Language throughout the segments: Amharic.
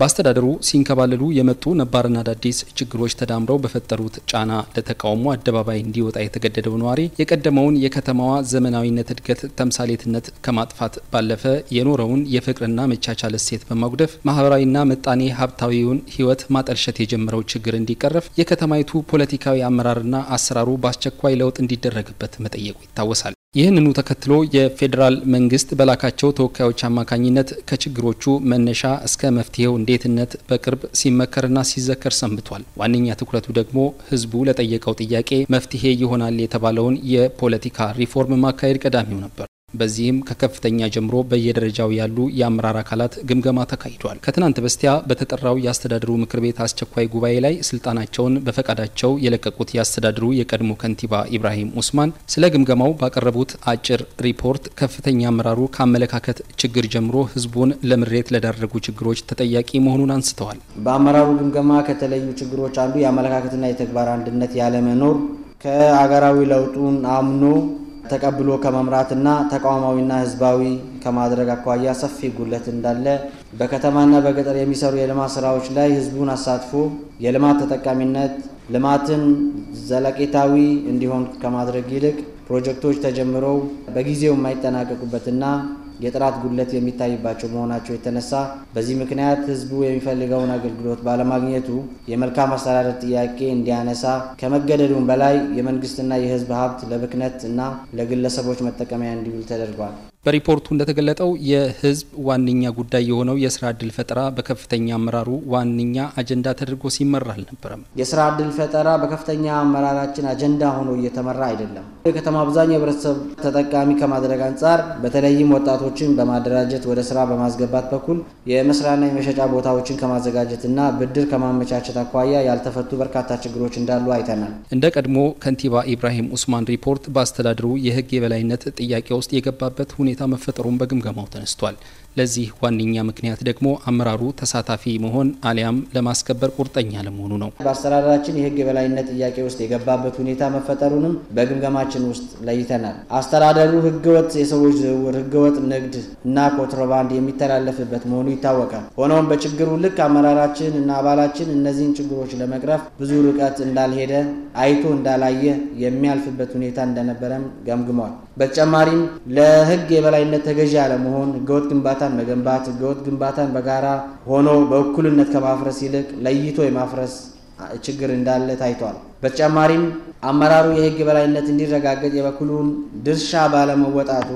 በአስተዳደሩ ሲንከባለሉ የመጡ ነባርና አዳዲስ ችግሮች ተዳምረው በፈጠሩት ጫና ለተቃውሞ አደባባይ እንዲወጣ የተገደደው ነዋሪ የቀደመውን የከተማዋ ዘመናዊነት እድገት ተምሳሌትነት ከማጥፋት ባለፈ የኖረውን የፍቅርና መቻቻል እሴት በማጉደፍ ማህበራዊና ምጣኔ ሀብታዊውን ሕይወት ማጠልሸት የጀመረው ችግር እንዲቀረፍ የከተማይቱ ፖለቲካዊ አመራርና አሰራሩ በአስቸኳይ ለውጥ እንዲደረግበት መጠየቁ ይታወሳል። ይህንኑ ተከትሎ የፌዴራል መንግስት በላካቸው ተወካዮች አማካኝነት ከችግሮቹ መነሻ እስከ መፍትሄው እንዴትነት በቅርብ ሲመከርና ሲዘከር ሰንብቷል። ዋነኛ ትኩረቱ ደግሞ ህዝቡ ለጠየቀው ጥያቄ መፍትሄ ይሆናል የተባለውን የፖለቲካ ሪፎርም ማካሄድ ቀዳሚው ነበር። በዚህም ከከፍተኛ ጀምሮ በየደረጃው ያሉ የአመራር አካላት ግምገማ ተካሂዷል። ከትናንት በስቲያ በተጠራው የአስተዳድሩ ምክር ቤት አስቸኳይ ጉባኤ ላይ ስልጣናቸውን በፈቃዳቸው የለቀቁት የአስተዳድሩ የቀድሞ ከንቲባ ኢብራሂም ኡስማን ስለ ግምገማው ባቀረቡት አጭር ሪፖርት ከፍተኛ አመራሩ ከአመለካከት ችግር ጀምሮ ህዝቡን ለምሬት ለዳረጉ ችግሮች ተጠያቂ መሆኑን አንስተዋል። በአመራሩ ግምገማ ከተለዩ ችግሮች አንዱ የአመለካከትና የተግባር አንድነት ያለመኖር ከአገራዊ ለውጡን አምኖ ተቀብሎ ከመምራትና ተቋማዊና ህዝባዊ ከማድረግ አኳያ ሰፊ ጉለት እንዳለ በከተማና በገጠር የሚሰሩ የልማት ስራዎች ላይ ህዝቡን አሳትፎ የልማት ተጠቃሚነት ልማትን ዘለቄታዊ እንዲሆን ከማድረግ ይልቅ ፕሮጀክቶች ተጀምረው በጊዜው የማይጠናቀቁበትና የጥራት ጉድለት የሚታይባቸው መሆናቸው የተነሳ በዚህ ምክንያት ህዝቡ የሚፈልገውን አገልግሎት ባለማግኘቱ የመልካም አስተዳደር ጥያቄ እንዲያነሳ ከመገደዱም በላይ የመንግስትና የህዝብ ሀብት ለብክነት እና ለግለሰቦች መጠቀሚያ እንዲውል ተደርጓል። በሪፖርቱ እንደተገለጠው የህዝብ ዋነኛ ጉዳይ የሆነው የስራ እድል ፈጠራ በከፍተኛ አመራሩ ዋነኛ አጀንዳ ተደርጎ ሲመራ አልነበረም። የስራ እድል ፈጠራ በከፍተኛ አመራራችን አጀንዳ ሆኖ እየተመራ አይደለም። የከተማ አብዛኛው የህብረተሰብ ተጠቃሚ ከማድረግ አንጻር በተለይም ወጣቶችን በማደራጀት ወደ ስራ በማስገባት በኩል የመስሪያና የመሸጫ ቦታዎችን ከማዘጋጀትና ብድር ከማመቻቸት አኳያ ያልተፈቱ በርካታ ችግሮች እንዳሉ አይተናል። እንደ ቀድሞ ከንቲባ ኢብራሂም ኡስማን ሪፖርት በአስተዳደሩ የህግ የበላይነት ጥያቄ ውስጥ የገባበት ሁኔታ ሁኔታ መፈጠሩን በግምገማው ተነስቷል። ለዚህ ዋነኛ ምክንያት ደግሞ አመራሩ ተሳታፊ መሆን አሊያም ለማስከበር ቁርጠኛ ለመሆኑ ነው። በአስተዳደራችን የህግ የበላይነት ጥያቄ ውስጥ የገባበት ሁኔታ መፈጠሩንም በግምገማችን ውስጥ ለይተናል። አስተዳደሩ ህገወጥ የሰዎች ዝውውር፣ ህገወጥ ንግድ እና ኮንትሮባንድ የሚተላለፍበት መሆኑ ይታወቃል። ሆኖም በችግሩ ልክ አመራራችን እና አባላችን እነዚህን ችግሮች ለመቅረፍ ብዙ ርቀት እንዳልሄደ አይቶ እንዳላየ የሚያልፍበት ሁኔታ እንደነበረም ገምግሟል። በተጨማሪም ለህግ የበላይነት ተገዢ ያለመሆን ህገወጥ ግንባታ ግንባታን መገንባት፣ ህገወጥ ግንባታን በጋራ ሆኖ በእኩልነት ከማፍረስ ይልቅ ለይቶ የማፍረስ ችግር እንዳለ ታይቷል። በተጨማሪም አመራሩ የህግ በላይነት እንዲረጋገጥ የበኩሉን ድርሻ ባለመወጣቱ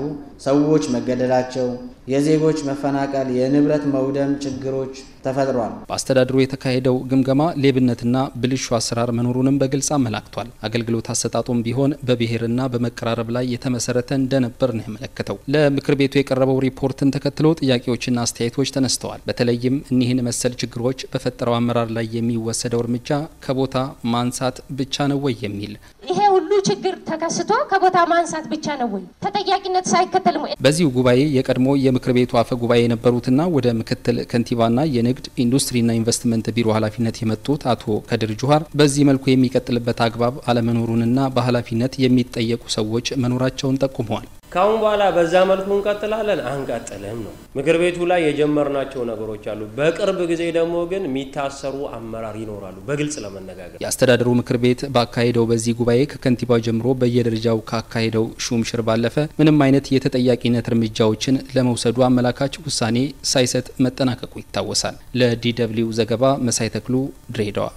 ሰዎች መገደላቸው፣ የዜጎች መፈናቀል፣ የንብረት መውደም ችግሮች ተፈጥሯል። በአስተዳድሩ የተካሄደው ግምገማ ሌብነትና ብልሹ አሰራር መኖሩንም በግልጽ አመላክቷል። አገልግሎት አሰጣጡም ቢሆን በብሔርና በመቀራረብ ላይ የተመሰረተ እንደነበር ነው ያመለከተው። ለምክር ቤቱ የቀረበው ሪፖርትን ተከትሎ ጥያቄዎችና አስተያየቶች ተነስተዋል። በተለይም እኒህን መሰል ችግሮች በፈጠረው አመራር ላይ የሚወሰደው እርምጃ ከቦታ ማንሳት ብቻ ነው ወይ የሚል ይሄ ሁሉ ችግር ተከስቶ ከቦታ ማንሳት ብቻ ነው ወይ? ተጠያቂነት ሳይከተልም በዚሁ ጉባኤ የቀድሞ የምክር ቤቱ አፈ ጉባኤ የነበሩትና ወደ ምክትል ከንቲባና የንግድ ኢንዱስትሪና ኢንቨስትመንት ቢሮ ኃላፊነት የመጡት አቶ ከድር ጁሃር በዚህ መልኩ የሚቀጥልበት አግባብ አለመኖሩንና በኃላፊነት የሚጠየቁ ሰዎች መኖራቸውን ጠቁመዋል። ካሁን በኋላ በዛ መልኩ እንቀጥላለን አንቀጥልም ነው። ምክር ቤቱ ላይ የጀመርናቸው ነገሮች አሉ። በቅርብ ጊዜ ደግሞ ግን የሚታሰሩ አመራር ይኖራሉ። በግልጽ ለመነጋገር የአስተዳደሩ ምክር ቤት ባካሄደው በዚህ ጉባኤ ከከንቲባ ጀምሮ በየደረጃው ካካሄደው ሹም ሽር ባለፈ ምንም አይነት የተጠያቂነት እርምጃዎችን ለመውሰዱ አመላካች ውሳኔ ሳይሰጥ መጠናቀቁ ይታወሳል። ለዲ ደብልዩ ዘገባ መሳይ ተክሉ ድሬዳዋ